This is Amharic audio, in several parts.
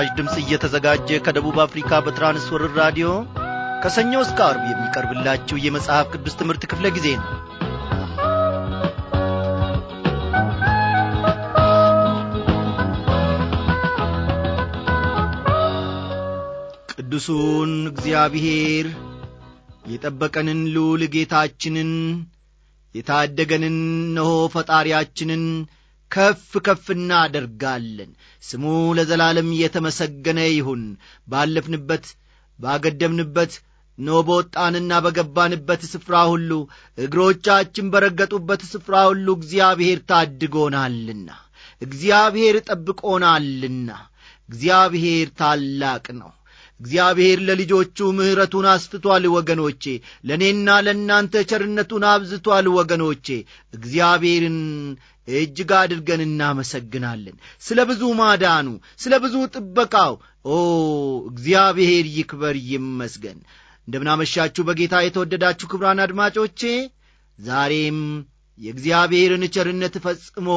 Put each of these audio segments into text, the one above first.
ለመስራች ድምፅ እየተዘጋጀ ከደቡብ አፍሪካ በትራንስወርር ራዲዮ ከሰኞ እስከ አርብ የሚቀርብላችሁ የመጽሐፍ ቅዱስ ትምህርት ክፍለ ጊዜ ነው ቅዱሱን እግዚአብሔር የጠበቀንን ልዑል ጌታችንን የታደገንን ነሆ ፈጣሪያችንን ከፍ ከፍ እናደርጋለን። ስሙ ለዘላለም እየተመሰገነ ይሁን። ባለፍንበት ባገደምንበት ኖ በወጣንና በገባንበት ስፍራ ሁሉ እግሮቻችን በረገጡበት ስፍራ ሁሉ እግዚአብሔር ታድጎናልና እግዚአብሔር ጠብቆናልና እግዚአብሔር ታላቅ ነው። እግዚአብሔር ለልጆቹ ምሕረቱን አስፍቶአል ወገኖቼ። ለእኔና ለእናንተ ቸርነቱን አብዝቶአል ወገኖቼ። እግዚአብሔርን እጅግ አድርገን እናመሰግናለን ስለ ብዙ ማዳኑ ስለ ብዙ ጥበቃው ኦ እግዚአብሔር ይክበር ይመስገን እንደምናመሻችሁ በጌታ የተወደዳችሁ ክብራን አድማጮቼ ዛሬም የእግዚአብሔርን ቸርነት ፈጽሞ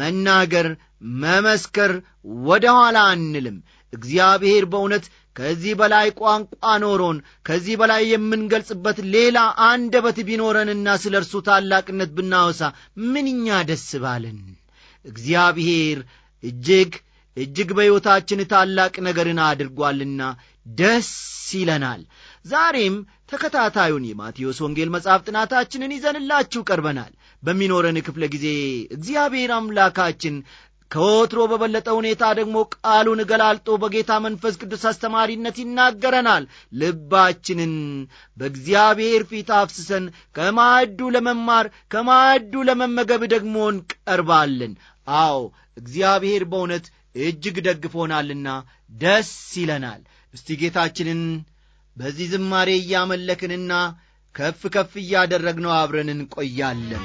መናገር መመስከር ወደ ኋላ አንልም እግዚአብሔር በእውነት ከዚህ በላይ ቋንቋ ኖሮን ከዚህ በላይ የምንገልጽበት ሌላ አንደበት ቢኖረንና ስለ እርሱ ታላቅነት ብናወሳ ምንኛ ደስ ባልን። እግዚአብሔር እጅግ እጅግ በሕይወታችን ታላቅ ነገርን አድርጓልና ደስ ይለናል። ዛሬም ተከታታዩን የማቴዎስ ወንጌል መጽሐፍ ጥናታችንን ይዘንላችሁ ቀርበናል። በሚኖረን ክፍለ ጊዜ እግዚአብሔር አምላካችን ከወትሮ በበለጠ ሁኔታ ደግሞ ቃሉን ገላልጦ በጌታ መንፈስ ቅዱስ አስተማሪነት ይናገረናል። ልባችንን በእግዚአብሔር ፊት አፍስሰን ከማዕዱ ለመማር ከማዕዱ ለመመገብ ደግሞ እንቀርባለን። አዎ እግዚአብሔር በእውነት እጅግ ደግፎናልና ደስ ይለናል። እስቲ ጌታችንን በዚህ ዝማሬ እያመለክንና ከፍ ከፍ እያደረግነው አብረን እንቆያለን።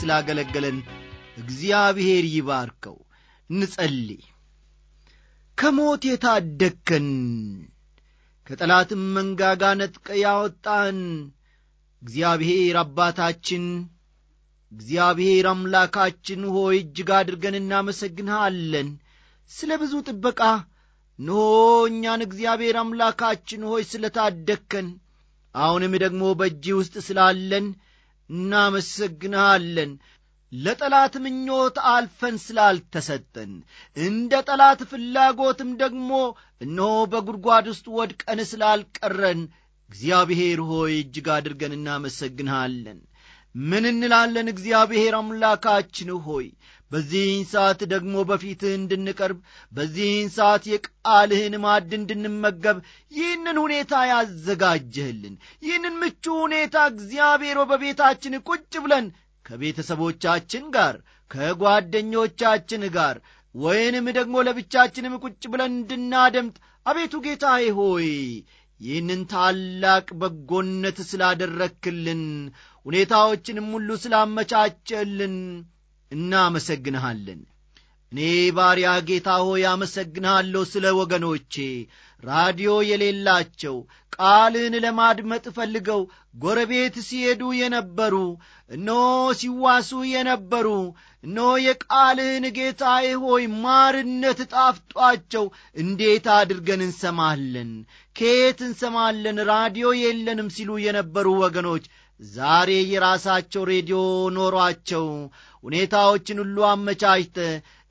ስላገለገለን እግዚአብሔር ይባርከው። እንጸልይ። ከሞት የታደግከን ከጠላትም መንጋጋ ነጥቀ ያወጣን እግዚአብሔር አባታችን እግዚአብሔር አምላካችን ሆይ እጅግ አድርገን እናመሰግንሃለን ስለ ብዙ ጥበቃ እንሆ እኛን እግዚአብሔር አምላካችን ሆይ ስለ ታደግከን አሁንም ደግሞ በእጅ ውስጥ ስላለን እናመሰግንሃለን ለጠላት ምኞት አልፈን ስላልተሰጠን እንደ ጠላት ፍላጎትም ደግሞ እነሆ በጒድጓድ ውስጥ ወድቀን ስላልቀረን እግዚአብሔር ሆይ እጅግ አድርገን እናመሰግንሃለን ምን እንላለን እግዚአብሔር አምላካችን ሆይ በዚህን ሰዓት ደግሞ በፊትህ እንድንቀርብ በዚህን ሰዓት የቃልህን ማድ እንድንመገብ ይህንን ሁኔታ ያዘጋጀህልን ይህንን ምቹ ሁኔታ እግዚአብሔሮ በቤታችን ቁጭ ብለን ከቤተሰቦቻችን ጋር ከጓደኞቻችን ጋር ወይንም ደግሞ ለብቻችንም ቁጭ ብለን እንድናደምጥ አቤቱ ጌታዬ ሆይ ይህንን ታላቅ በጎነት ስላደረክልን ሁኔታዎችንም ሁሉ ስላመቻቸልን እናመሰግንሃለን። እኔ ባሪያ ጌታ ሆይ አመሰግንሃለሁ ስለ ወገኖቼ ራዲዮ የሌላቸው ቃልን ለማድመጥ ፈልገው ጎረቤት ሲሄዱ የነበሩ እኖ ሲዋሱ የነበሩ እኖ የቃልን ጌታዬ ሆይ ማርነት ጣፍጧቸው እንዴት አድርገን እንሰማለን ከየት እንሰማለን ራዲዮ የለንም ሲሉ የነበሩ ወገኖች ዛሬ የራሳቸው ሬዲዮ ኖሯቸው ሁኔታዎችን ሁሉ አመቻችተ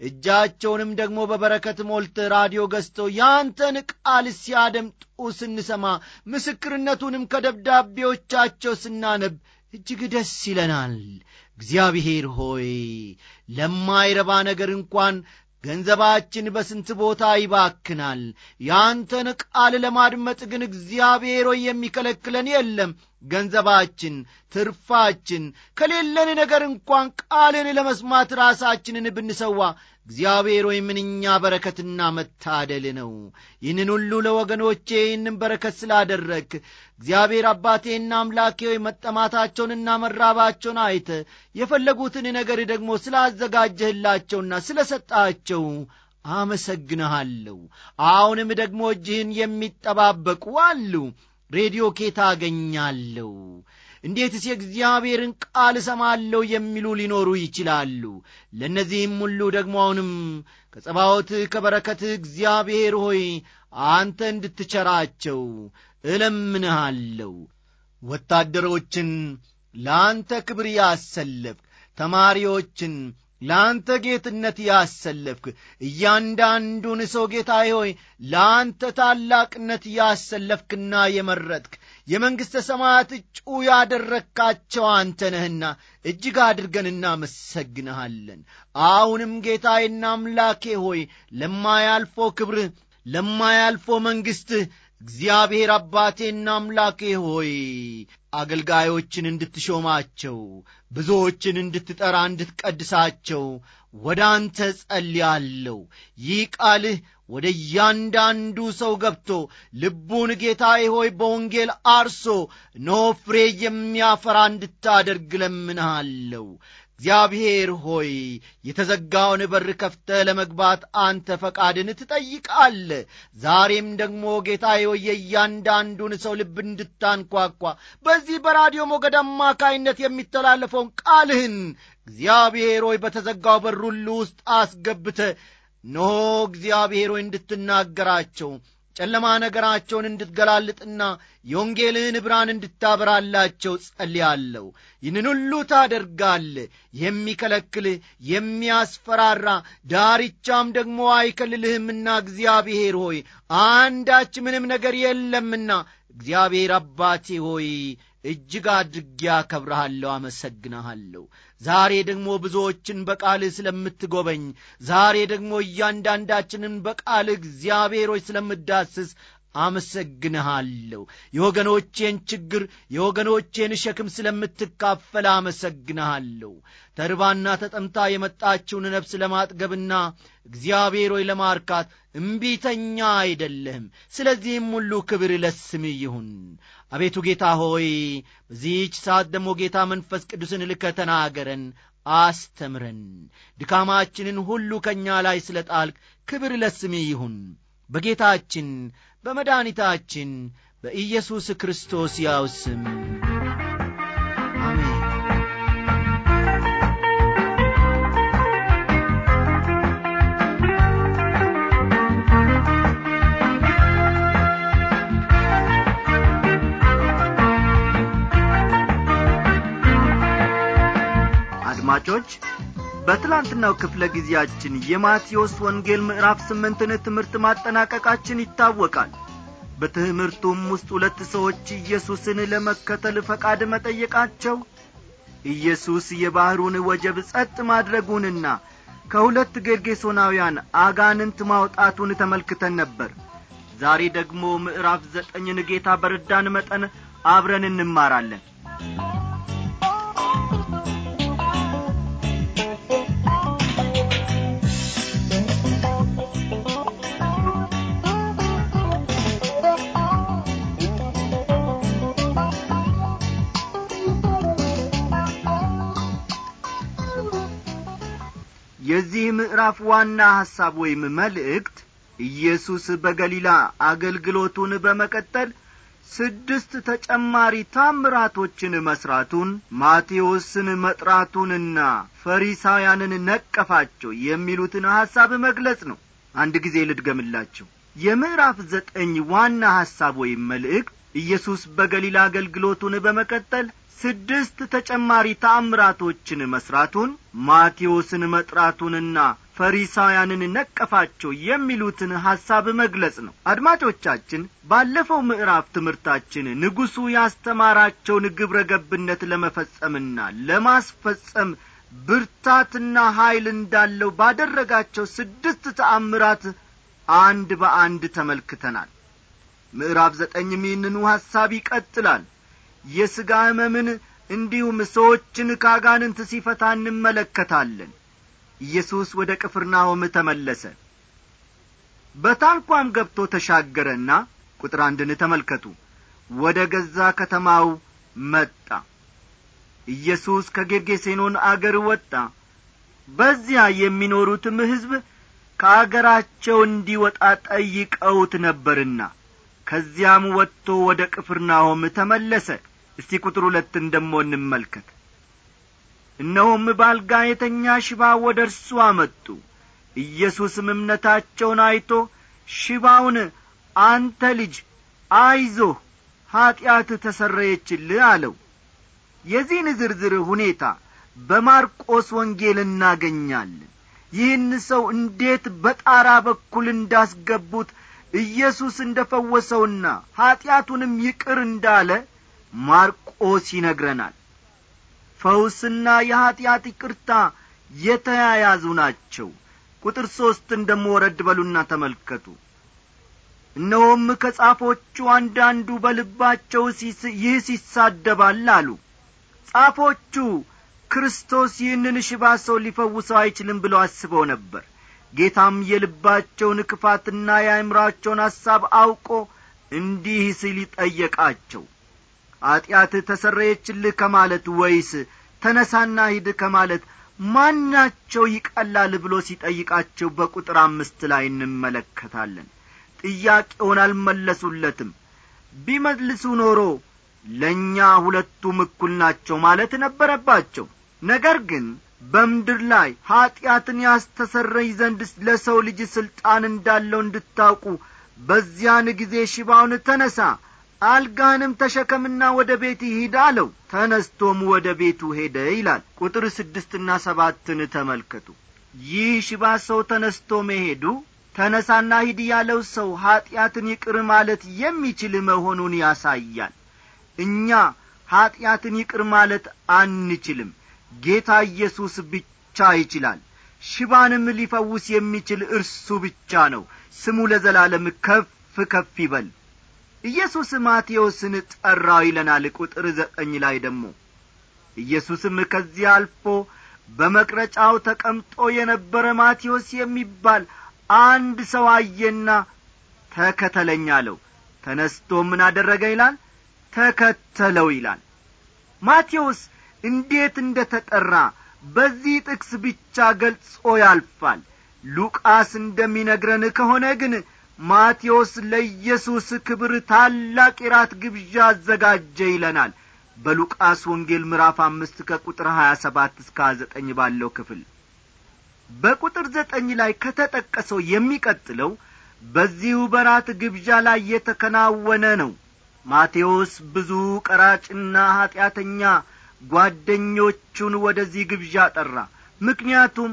እጃቸውንም ደግሞ በበረከት ሞልተ ራዲዮ ገዝተው ያንተን ቃል ሲያደምጡ ስንሰማ ምስክርነቱንም ከደብዳቤዎቻቸው ስናነብ እጅግ ደስ ይለናል። እግዚአብሔር ሆይ ለማይረባ ነገር እንኳን ገንዘባችን በስንት ቦታ ይባክናል። ያንተን ቃል ለማድመጥ ግን እግዚአብሔር ሆይ የሚከለክለን የለም። ገንዘባችን፣ ትርፋችን ከሌለን ነገር እንኳን ቃልን ለመስማት ራሳችንን ብንሰዋ እግዚአብሔር ወይ ምንኛ በረከትና መታደል ነው። ይህንን ሁሉ ለወገኖቼ ይህንን በረከት ስላደረግ እግዚአብሔር አባቴና አምላኬ ወይ መጠማታቸውንና መራባቸውን አይተ የፈለጉትን ነገር ደግሞ ስላዘጋጀህላቸውና ስለ ሰጣቸው አመሰግንሃለሁ። አሁንም ደግሞ እጅህን የሚጠባበቁ አሉ። ሬዲዮ ኬታ አገኛለሁ? እንዴትስ የእግዚአብሔርን ቃል እሰማለሁ የሚሉ ሊኖሩ ይችላሉ። ለእነዚህም ሁሉ ደግሞ አሁንም ከጸባወት ከበረከት እግዚአብሔር ሆይ አንተ እንድትቸራቸው እለምንሃለሁ። ወታደሮችን ለአንተ ክብር ያሰለፍ ተማሪዎችን ለአንተ ጌትነት ያሰለፍክ እያንዳንዱን ሰው ጌታዬ ሆይ ለአንተ ታላቅነት ያሰለፍክና የመረጥክ የመንግሥተ ሰማያት እጩ ያደረግካቸው አንተ ነህና እጅግ አድርገን እናመሰግንሃለን። አሁንም ጌታዬና አምላኬ ሆይ ለማያልፎ ክብር ለማያልፎ መንግሥትህ እግዚአብሔር አባቴና አምላኬ ሆይ አገልጋዮችን እንድትሾማቸው ብዙዎችን እንድትጠራ እንድትቀድሳቸው ወደ አንተ ጸልያለሁ። ይህ ቃልህ ወደ እያንዳንዱ ሰው ገብቶ ልቡን ጌታዬ ሆይ በወንጌል አርሶ ኖ ፍሬ የሚያፈራ እንድታደርግ ለምንሃለሁ። እግዚአብሔር ሆይ የተዘጋውን በር ከፍተ ለመግባት አንተ ፈቃድን ትጠይቃለ። ዛሬም ደግሞ ጌታ ሆይ የእያንዳንዱን ሰው ልብ እንድታንኳኳ በዚህ በራዲዮ ሞገድ አማካይነት የሚተላለፈውን ቃልህን እግዚአብሔር ሆይ በተዘጋው በር ሁሉ ውስጥ አስገብተ ኖ እግዚአብሔር ሆይ እንድትናገራቸው ጨለማ ነገራቸውን እንድትገላልጥና የወንጌልህን ብርሃን እንድታበራላቸው ጸልያለሁ። ይህንን ሁሉ ታደርጋል። የሚከለክል የሚያስፈራራ ዳርቻም ደግሞ አይከልልህምና እግዚአብሔር ሆይ አንዳች ምንም ነገር የለምና እግዚአብሔር አባቴ ሆይ እጅግ አድርጌ አከብረሃለሁ፣ አመሰግንሃለሁ። ዛሬ ደግሞ ብዙዎችን በቃልህ ስለምትጎበኝ፣ ዛሬ ደግሞ እያንዳንዳችንን በቃልህ እግዚአብሔሮች ስለምዳስስ አመሰግንሃለሁ። የወገኖቼን ችግር የወገኖቼን ሸክም ስለምትካፈል አመሰግንሃለሁ። ተርባና ተጠምታ የመጣችውን ነፍስ ለማጥገብና እግዚአብሔር ሆይ ለማርካት እምቢተኛ አይደለህም። ስለዚህም ሁሉ ክብር ለስም ይሁን። አቤቱ ጌታ ሆይ በዚህች ሰዓት ደግሞ ጌታ መንፈስ ቅዱስን ልከ ተናገረን፣ አስተምረን። ድካማችንን ሁሉ ከእኛ ላይ ስለ ጣልቅ ክብር ለስሜ ይሁን። በጌታችን በመድኃኒታችን በኢየሱስ ክርስቶስ ያው ስም አድማጮች በትላንትናው ክፍለ ጊዜያችን የማቴዎስ ወንጌል ምዕራፍ ስምንትን ትምህርት ማጠናቀቃችን ይታወቃል በትምህርቱም ውስጥ ሁለት ሰዎች ኢየሱስን ለመከተል ፈቃድ መጠየቃቸው ኢየሱስ የባሕሩን ወጀብ ጸጥ ማድረጉንና ከሁለት ጌርጌሶናውያን አጋንንት ማውጣቱን ተመልክተን ነበር ዛሬ ደግሞ ምዕራፍ ዘጠኝን ጌታ በርዳን መጠን አብረን እንማራለን የዚህ ምዕራፍ ዋና ሐሳብ ወይም መልእክት ኢየሱስ በገሊላ አገልግሎቱን በመቀጠል ስድስት ተጨማሪ ታምራቶችን መሥራቱን ማቴዎስን መጥራቱንና ፈሪሳውያንን ነቀፋቸው የሚሉትን ሐሳብ መግለጽ ነው አንድ ጊዜ ልድገምላችሁ የምዕራፍ ዘጠኝ ዋና ሐሳብ ወይም መልእክት ኢየሱስ በገሊላ አገልግሎቱን በመቀጠል ስድስት ተጨማሪ ታምራቶችን መሥራቱን ማቴዎስን መጥራቱንና ፈሪሳውያንን ነቀፋቸው የሚሉትን ሐሳብ መግለጽ ነው አድማጮቻችን ባለፈው ምዕራፍ ትምህርታችን ንጉሡ ያስተማራቸውን ግብረ ገብነት ለመፈጸምና ለማስፈጸም ብርታትና ኀይል እንዳለው ባደረጋቸው ስድስት ተአምራት አንድ በአንድ ተመልክተናል ምዕራፍ ዘጠኝ ሚንኑ ሐሳብ ይቀጥላል የሥጋ ሕመምን እንዲሁም ሰዎችን ካጋንንት ሲፈታ እንመለከታለን ኢየሱስ ወደ ቅፍርናሆም ተመለሰ በታንኳም ገብቶ ተሻገረና ቁጥር አንድን ተመልከቱ ወደ ገዛ ከተማው መጣ ኢየሱስ ከጌርጌሴኖን አገር ወጣ በዚያ የሚኖሩትም ሕዝብ ከአገራቸው እንዲወጣ ጠይቀውት ነበርና ከዚያም ወጥቶ ወደ ቅፍርናሆም ተመለሰ እስቲ ቁጥር ሁለትን ደሞ እንመልከት እነሆም ባልጋ የተኛ ሽባ ወደ እርሱ አመጡ ኢየሱስም እምነታቸውን አይቶ ሽባውን አንተ ልጅ አይዞህ ኀጢአት ተሰረየችልህ አለው የዚህን ዝርዝር ሁኔታ በማርቆስ ወንጌል እናገኛለን ይህን ሰው እንዴት በጣራ በኩል እንዳስገቡት ኢየሱስ እንደ ፈወሰውና ኀጢአቱንም ይቅር እንዳለ ማርቆስ ይነግረናል ፈውስና የኀጢአት ይቅርታ የተያያዙ ናቸው ቁጥር ሦስትን ደሞ ወረድ በሉና ተመልከቱ እነሆም ከጻፎቹ አንዳንዱ በልባቸው ይህ ሲሳደባል አሉ ጻፎቹ ክርስቶስ ይህንን ሽባ ሰው ሊፈውሰው አይችልም ብለው አስበው ነበር ጌታም የልባቸውን ክፋትና የአእምራቸውን ሐሳብ አውቆ እንዲህ ሲል ይጠየቃቸው ኀጢአት ተሰረየችልህ ከማለት ወይስ ተነሳና ሂድ ከማለት ማናቸው ይቀላል ብሎ ሲጠይቃቸው በቁጥር አምስት ላይ እንመለከታለን ጥያቄውን አልመለሱለትም ቢመልሱ ኖሮ ለእኛ ሁለቱም እኩል ናቸው ማለት ነበረባቸው ነገር ግን በምድር ላይ ኀጢአትን ያስተሰረኝ ዘንድ ለሰው ልጅ ሥልጣን እንዳለው እንድታውቁ በዚያን ጊዜ ሽባውን ተነሣ አልጋህንም ተሸከምና ወደ ቤት ሂድ አለው ተነስቶም ወደ ቤቱ ሄደ ይላል ቁጥር ስድስትና ሰባትን ተመልከቱ ይህ ሽባ ሰው ተነስቶ መሄዱ ተነሳና ሂድ ያለው ሰው ኀጢአትን ይቅር ማለት የሚችል መሆኑን ያሳያል እኛ ኀጢአትን ይቅር ማለት አንችልም ጌታ ኢየሱስ ብቻ ይችላል ሽባንም ሊፈውስ የሚችል እርሱ ብቻ ነው ስሙ ለዘላለም ከፍ ከፍ ይበል ኢየሱስ ማቴዎስን ጠራው ይለናል ቁጥር ዘጠኝ ላይ ደግሞ ኢየሱስም ከዚያ አልፎ በመቅረጫው ተቀምጦ የነበረ ማቴዎስ የሚባል አንድ ሰው አየና ተከተለኝ አለው ተነስቶ ምን አደረገ ይላል ተከተለው ይላል ማቴዎስ እንዴት እንደ ተጠራ በዚህ ጥቅስ ብቻ ገልጾ ያልፋል ሉቃስ እንደሚነግረን ከሆነ ግን ማቴዎስ ለኢየሱስ ክብር ታላቅ የራት ግብዣ አዘጋጀ ይለናል በሉቃስ ወንጌል ምዕራፍ አምስት ከቁጥር ሀያ ሰባት እስከ ሀያ ዘጠኝ ባለው ክፍል በቁጥር ዘጠኝ ላይ ከተጠቀሰው የሚቀጥለው በዚሁ በራት ግብዣ ላይ የተከናወነ ነው ማቴዎስ ብዙ ቀራጭና ኀጢአተኛ ጓደኞቹን ወደዚህ ግብዣ ጠራ ምክንያቱም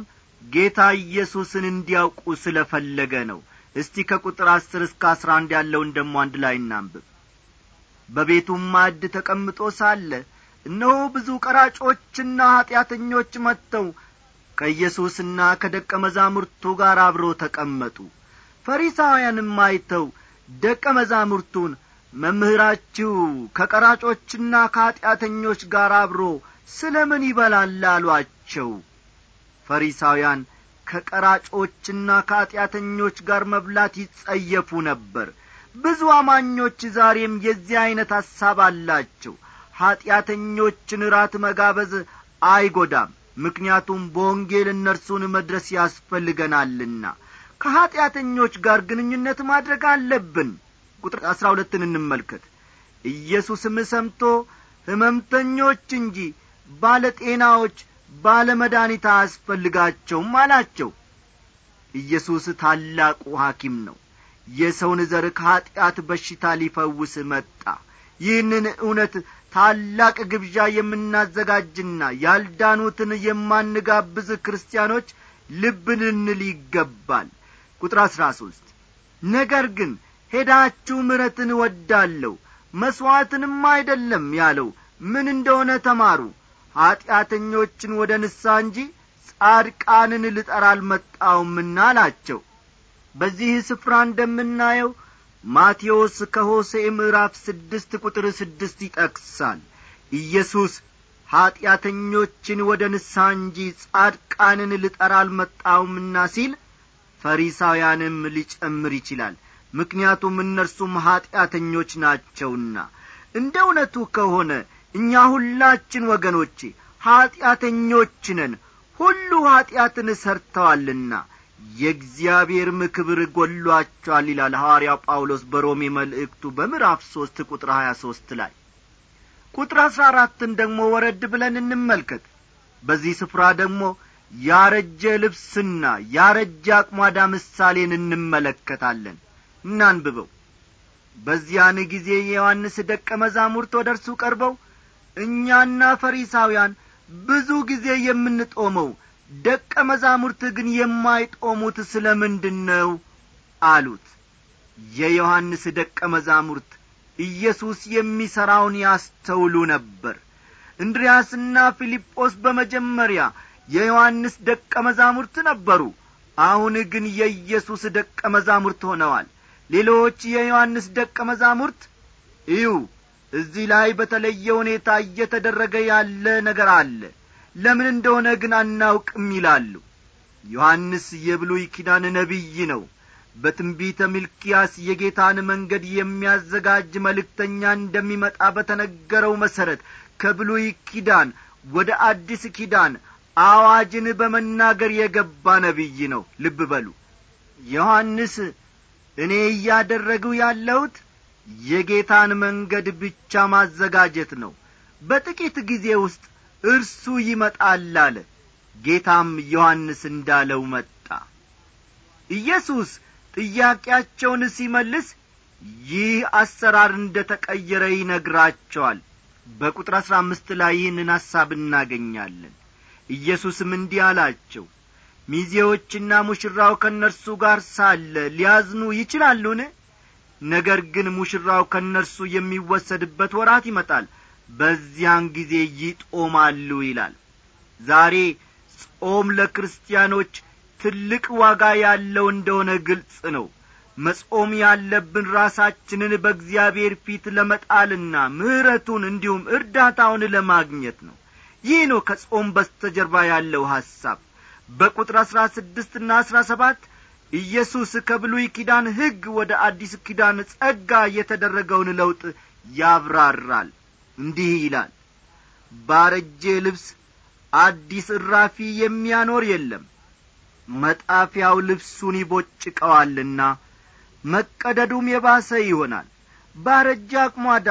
ጌታ ኢየሱስን እንዲያውቁ ስለ ፈለገ ነው እስቲ ከቁጥር አስር እስከ አስራ አንድ ያለውን ደሞ አንድ ላይ እናንብብ በቤቱም ማዕድ ተቀምጦ ሳለ እነሆ ብዙ ቀራጮችና ኀጢአተኞች መጥተው ከኢየሱስና ከደቀ መዛሙርቱ ጋር አብሮ ተቀመጡ ፈሪሳውያንም አይተው ደቀ መዛሙርቱን መምህራችሁ ከቀራጮችና ከኀጢአተኞች ጋር አብሮ ስለ ምን ይበላል አሏቸው ፈሪሳውያን ከቀራጮችና ከኀጢአተኞች ጋር መብላት ይጸየፉ ነበር ብዙ አማኞች ዛሬም የዚህ ዐይነት ሐሳብ አላቸው ኀጢአተኞችን ራት መጋበዝ አይጐዳም ምክንያቱም በወንጌል እነርሱን መድረስ ያስፈልገናልና ከኀጢአተኞች ጋር ግንኙነት ማድረግ አለብን ቁጥር አሥራ ሁለትን እንመልከት ኢየሱስም ሰምቶ ሕመምተኞች እንጂ ባለ ጤናዎች ባለ መድኃኒት አያስፈልጋቸውም አላቸው ኢየሱስ ታላቁ ሐኪም ነው የሰውን ዘር ከኀጢአት በሽታ ሊፈውስ መጣ ይህንን እውነት ታላቅ ግብዣ የምናዘጋጅና ያልዳኑትን የማንጋብዝ ክርስቲያኖች ልብ ልንል ይገባል ቁጥር አሥራ ሦስት ነገር ግን ሄዳችሁ ምረትን እወዳለሁ መሥዋዕትንም አይደለም ያለው ምን እንደሆነ ተማሩ ኀጢአተኞችን ወደ ንሳ እንጂ ጻድቃንን ልጠር አልመጣውምና አላቸው በዚህ ስፍራ እንደምናየው ማቴዎስ ከሆሴ ምዕራፍ ስድስት ቁጥር ስድስት ይጠቅሳል ኢየሱስ ኀጢአተኞችን ወደ ንሳ እንጂ ጻድቃንን ልጠር አልመጣውምና ሲል ፈሪሳውያንም ሊጨምር ይችላል ምክንያቱም እነርሱም ኀጢአተኞች ናቸውና እንደ እውነቱ ከሆነ እኛ ሁላችን ወገኖቼ ኀጢአተኞች ነን ሁሉ ኀጢአትን ሰርተዋልና የእግዚአብሔርም ክብር ጐሏቸዋል ይላል ሐዋርያው ጳውሎስ በሮሜ መልእክቱ በምዕራፍ ሦስት ቁጥር ሀያ ሦስት ላይ ቁጥር አሥራ አራትን ደግሞ ወረድ ብለን እንመልከት በዚህ ስፍራ ደግሞ ያረጀ ልብስና ያረጀ አቅሟዳ ምሳሌን እንመለከታለን እናንብበው በዚያን ጊዜ የዮሐንስ ደቀ መዛሙርት ወደ እርሱ ቀርበው እኛና ፈሪሳውያን ብዙ ጊዜ የምንጦመው ደቀ መዛሙርት ግን የማይጦሙት ስለ ምንድን ነው አሉት የዮሐንስ ደቀ መዛሙርት ኢየሱስ የሚሠራውን ያስተውሉ ነበር እንድርያስና ፊልጶስ በመጀመሪያ የዮሐንስ ደቀ መዛሙርት ነበሩ አሁን ግን የኢየሱስ ደቀ መዛሙርት ሆነዋል ሌሎች የዮሐንስ ደቀ መዛሙርት እዩ እዚህ ላይ በተለየ ሁኔታ እየተደረገ ያለ ነገር አለ ለምን እንደሆነ ግን አናውቅም ይላሉ ዮሐንስ የብሉይ ኪዳን ነቢይ ነው በትንቢተ ሚልኪያስ የጌታን መንገድ የሚያዘጋጅ መልእክተኛ እንደሚመጣ በተነገረው መሠረት ከብሉይ ኪዳን ወደ አዲስ ኪዳን አዋጅን በመናገር የገባ ነቢይ ነው ልብ በሉ ዮሐንስ እኔ እያደረግሁ ያለሁት የጌታን መንገድ ብቻ ማዘጋጀት ነው በጥቂት ጊዜ ውስጥ እርሱ ይመጣል አለ ጌታም ዮሐንስ እንዳለው መጣ ኢየሱስ ጥያቄያቸውን ሲመልስ ይህ አሰራር እንደ ተቀየረ ይነግራቸዋል በቁጥር አሥራ አምስት ላይ ይህንን ሐሳብ እናገኛለን ኢየሱስም እንዲህ አላቸው ሚዜዎችና ሙሽራው ከእነርሱ ጋር ሳለ ሊያዝኑ ይችላሉን ነገር ግን ሙሽራው ከእነርሱ የሚወሰድበት ወራት ይመጣል በዚያን ጊዜ ይጦማሉ ይላል ዛሬ ጾም ለክርስቲያኖች ትልቅ ዋጋ ያለው እንደሆነ ግልጽ ነው መጾም ያለብን ራሳችንን በእግዚአብሔር ፊት ለመጣልና ምሕረቱን እንዲሁም እርዳታውን ለማግኘት ነው ይህ ነው ከጾም በስተጀርባ ያለው ሐሳብ በቁጥር አሥራ ስድስትና አሥራ ሰባት ኢየሱስ ከብሉይ ኪዳን ሕግ ወደ አዲስ ኪዳን ጸጋ የተደረገውን ለውጥ ያብራራል እንዲህ ይላል ባረጄ ልብስ አዲስ እራፊ የሚያኖር የለም መጣፊያው ልብሱን ይቦጭቀዋልና መቀደዱም የባሰ ይሆናል ባረጀ አቅሟዳ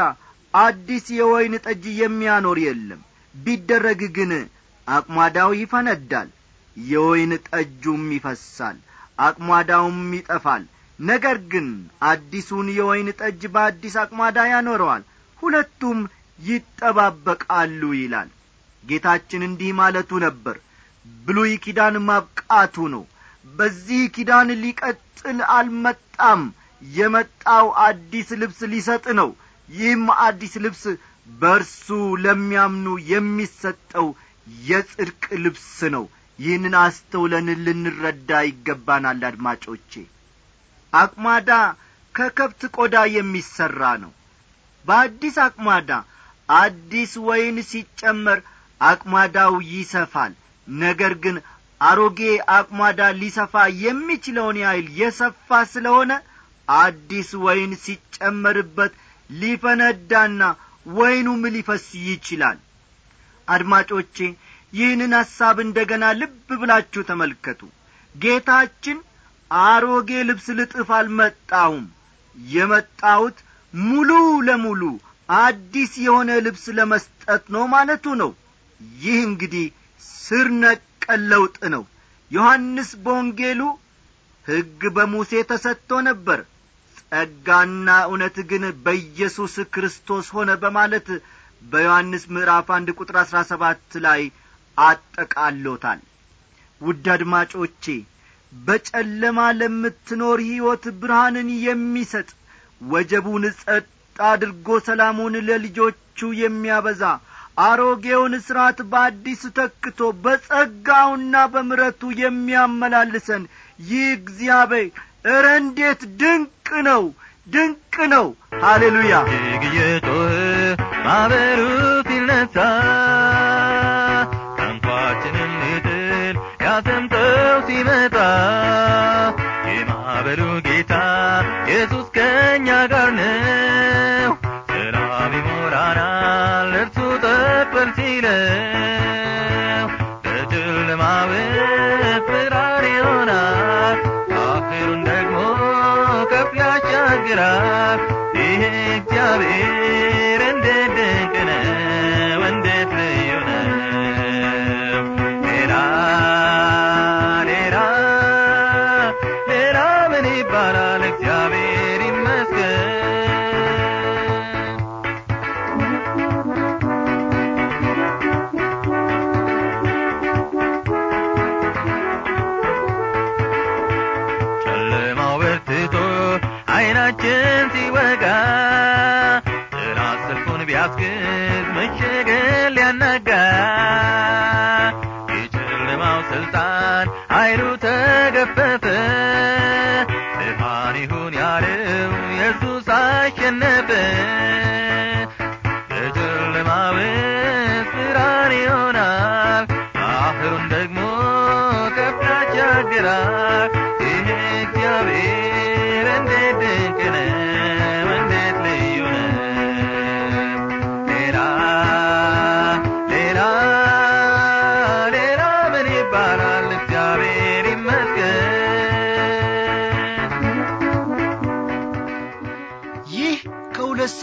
አዲስ የወይን ጠጅ የሚያኖር የለም ቢደረግ ግን አቅሟዳው ይፈነዳል የወይን ጠጁም ይፈሳል አቅሟዳውም ይጠፋል ነገር ግን አዲሱን የወይን ጠጅ በአዲስ አቅሟዳ ያኖረዋል ሁለቱም ይጠባበቃሉ ይላል ጌታችን እንዲህ ማለቱ ነበር ብሉይ ኪዳን ማብቃቱ ነው በዚህ ኪዳን ሊቀጥል አልመጣም የመጣው አዲስ ልብስ ሊሰጥ ነው ይህም አዲስ ልብስ በእርሱ ለሚያምኑ የሚሰጠው የጽድቅ ልብስ ነው ይህንን አስተውለን ልንረዳ ይገባናል አድማጮቼ አቅማዳ ከከብት ቆዳ የሚሠራ ነው በአዲስ አቅማዳ አዲስ ወይን ሲጨመር አቅማዳው ይሰፋል ነገር ግን አሮጌ አቅማዳ ሊሰፋ የሚችለውን ያህል የሰፋ ስለሆነ አዲስ ወይን ሲጨመርበት ሊፈነዳና ወይኑም ሊፈስ ይችላል አድማጮቼ ይህንን ሐሳብ እንደ ገና ልብ ብላችሁ ተመልከቱ ጌታችን አሮጌ ልብስ ልጥፍ አልመጣሁም የመጣሁት ሙሉ ለሙሉ አዲስ የሆነ ልብስ ለመስጠት ነው ማለቱ ነው ይህ እንግዲህ ስር ነቀል ለውጥ ነው ዮሐንስ በወንጌሉ ሕግ በሙሴ ተሰጥቶ ነበር ጸጋና እውነት ግን በኢየሱስ ክርስቶስ ሆነ በማለት በዮሐንስ ምዕራፍ አንድ ቁጥር አሥራ ሰባት ላይ አጠቃሎታል ውድ አድማጮቼ በጨለማ ለምትኖር ሕይወት ብርሃንን የሚሰጥ ወጀቡን ጸጥ አድርጎ ሰላሙን ለልጆቹ የሚያበዛ አሮጌውን ሥርዓት በአዲስ ተክቶ በጸጋውና በምረቱ የሚያመላልሰን ይህ እግዚአብሔር እረ እንዴት ድንቅ ነው ድንቅ ነው ሃሌሉያ ማበሩ ፊልነሳ soñar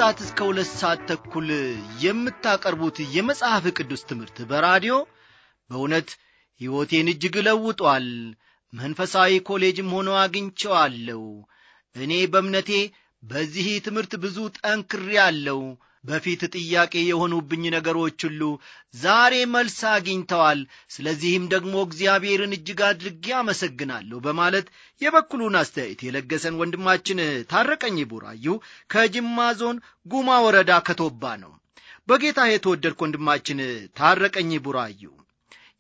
ሰዓት እስከ ሁለት ሰዓት ተኩል የምታቀርቡት የመጽሐፍ ቅዱስ ትምህርት በራዲዮ በእውነት ሕይወቴን እጅግ ለውጧል። መንፈሳዊ ኮሌጅም ሆኖ አግኝቸዋለሁ። እኔ በእምነቴ በዚህ ትምህርት ብዙ ጠንክሬ አለው በፊት ጥያቄ የሆኑብኝ ነገሮች ሁሉ ዛሬ መልስ አግኝተዋል። ስለዚህም ደግሞ እግዚአብሔርን እጅግ አድርጌ አመሰግናለሁ በማለት የበኩሉን አስተያየት የለገሰን ወንድማችን ታረቀኝ ቡራዩ ከጅማ ዞን ጉማ ወረዳ ከቶባ ነው። በጌታ የተወደድክ ወንድማችን ታረቀኝ ቡራዩ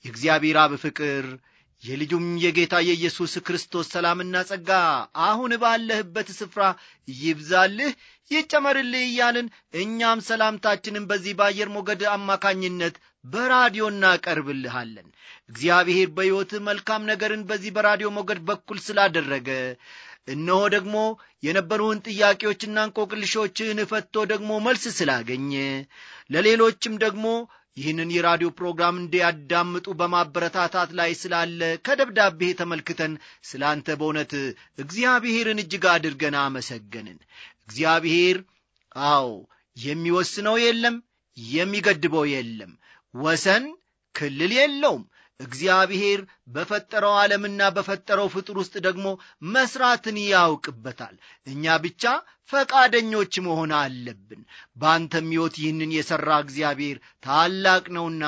የእግዚአብሔር አብ ፍቅር የልጁም የጌታ የኢየሱስ ክርስቶስ ሰላምና ጸጋ አሁን ባለህበት ስፍራ ይብዛልህ ይጨመርልህ እያልን እኛም ሰላምታችንን በዚህ በአየር ሞገድ አማካኝነት በራዲዮ እናቀርብልሃለን። እግዚአብሔር በሕይወት መልካም ነገርን በዚህ በራዲዮ ሞገድ በኩል ስላደረገ እነሆ ደግሞ የነበሩን ጥያቄዎችና እንቆቅልሾችን ፈትቶ ደግሞ መልስ ስላገኘ ለሌሎችም ደግሞ ይህንን የራዲዮ ፕሮግራም እንዲያዳምጡ በማበረታታት ላይ ስላለ ከደብዳቤ ተመልክተን ስለ አንተ በእውነት እግዚአብሔርን እጅግ አድርገን አመሰገንን። እግዚአብሔር አዎ የሚወስነው የለም፣ የሚገድበው የለም፣ ወሰን ክልል የለውም። እግዚአብሔር በፈጠረው ዓለምና በፈጠረው ፍጡር ውስጥ ደግሞ መሥራትን ያውቅበታል። እኛ ብቻ ፈቃደኞች መሆን አለብን። በአንተም ሕይወት ይህንን የሠራ እግዚአብሔር ታላቅ ነውና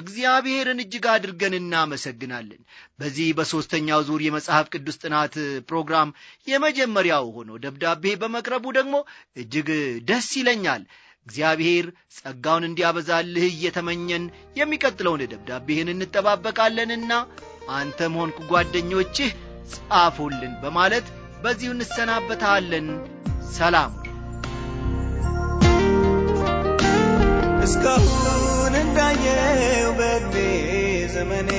እግዚአብሔርን እጅግ አድርገን እናመሰግናለን። በዚህ በሦስተኛው ዙር የመጽሐፍ ቅዱስ ጥናት ፕሮግራም የመጀመሪያው ሆኖ ደብዳቤ በመቅረቡ ደግሞ እጅግ ደስ ይለኛል። እግዚአብሔር ጸጋውን እንዲያበዛልህ እየተመኘን የሚቀጥለውን ደብዳቤህን እንጠባበቃለንና አንተ መሆንኩ ጓደኞችህ ጻፉልን በማለት በዚሁ እንሰናበታለን ሰላም እስካሁን እንዳየው በእድሜ ዘመኔ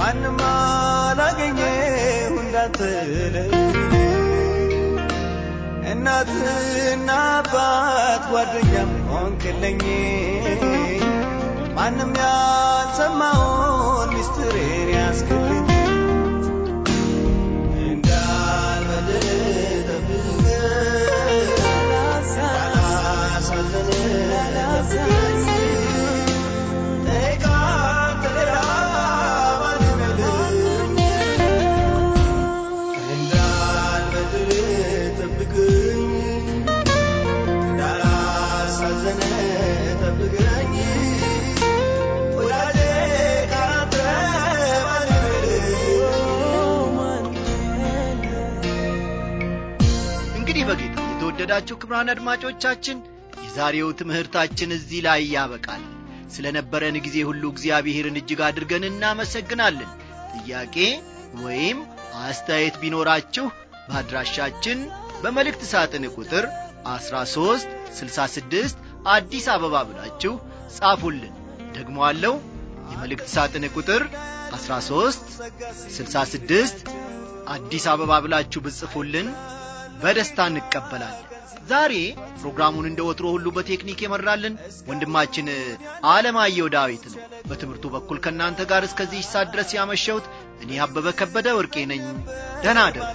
ማንም አላገኘው እንዳትለኝ እናትና አባት ጓደኛም ሆንክልኝ ማንም ያልሰማውን ሚስጥሬን ያስክልኝ እንዳልበል የተወደዳችሁ ክብራን አድማጮቻችን የዛሬው ትምህርታችን እዚህ ላይ ያበቃል ስለ ነበረን ጊዜ ሁሉ እግዚአብሔርን እጅግ አድርገን እናመሰግናለን ጥያቄ ወይም አስተያየት ቢኖራችሁ በአድራሻችን በመልእክት ሳጥን ቁጥር 13 66 አዲስ አበባ ብላችሁ ጻፉልን ደግሞ አለው የመልእክት ሳጥን ቁጥር 13 66 አዲስ አበባ ብላችሁ ብጽፉልን በደስታ እንቀበላለን። ዛሬ ፕሮግራሙን እንደ ወትሮ ሁሉ በቴክኒክ የመራልን ወንድማችን አለማየሁ ዳዊት ነው። በትምህርቱ በኩል ከእናንተ ጋር እስከዚህ ሰዓት ድረስ ያመሸሁት እኔ አበበ ከበደ ወርቄ ነኝ። ደህና ደሩ።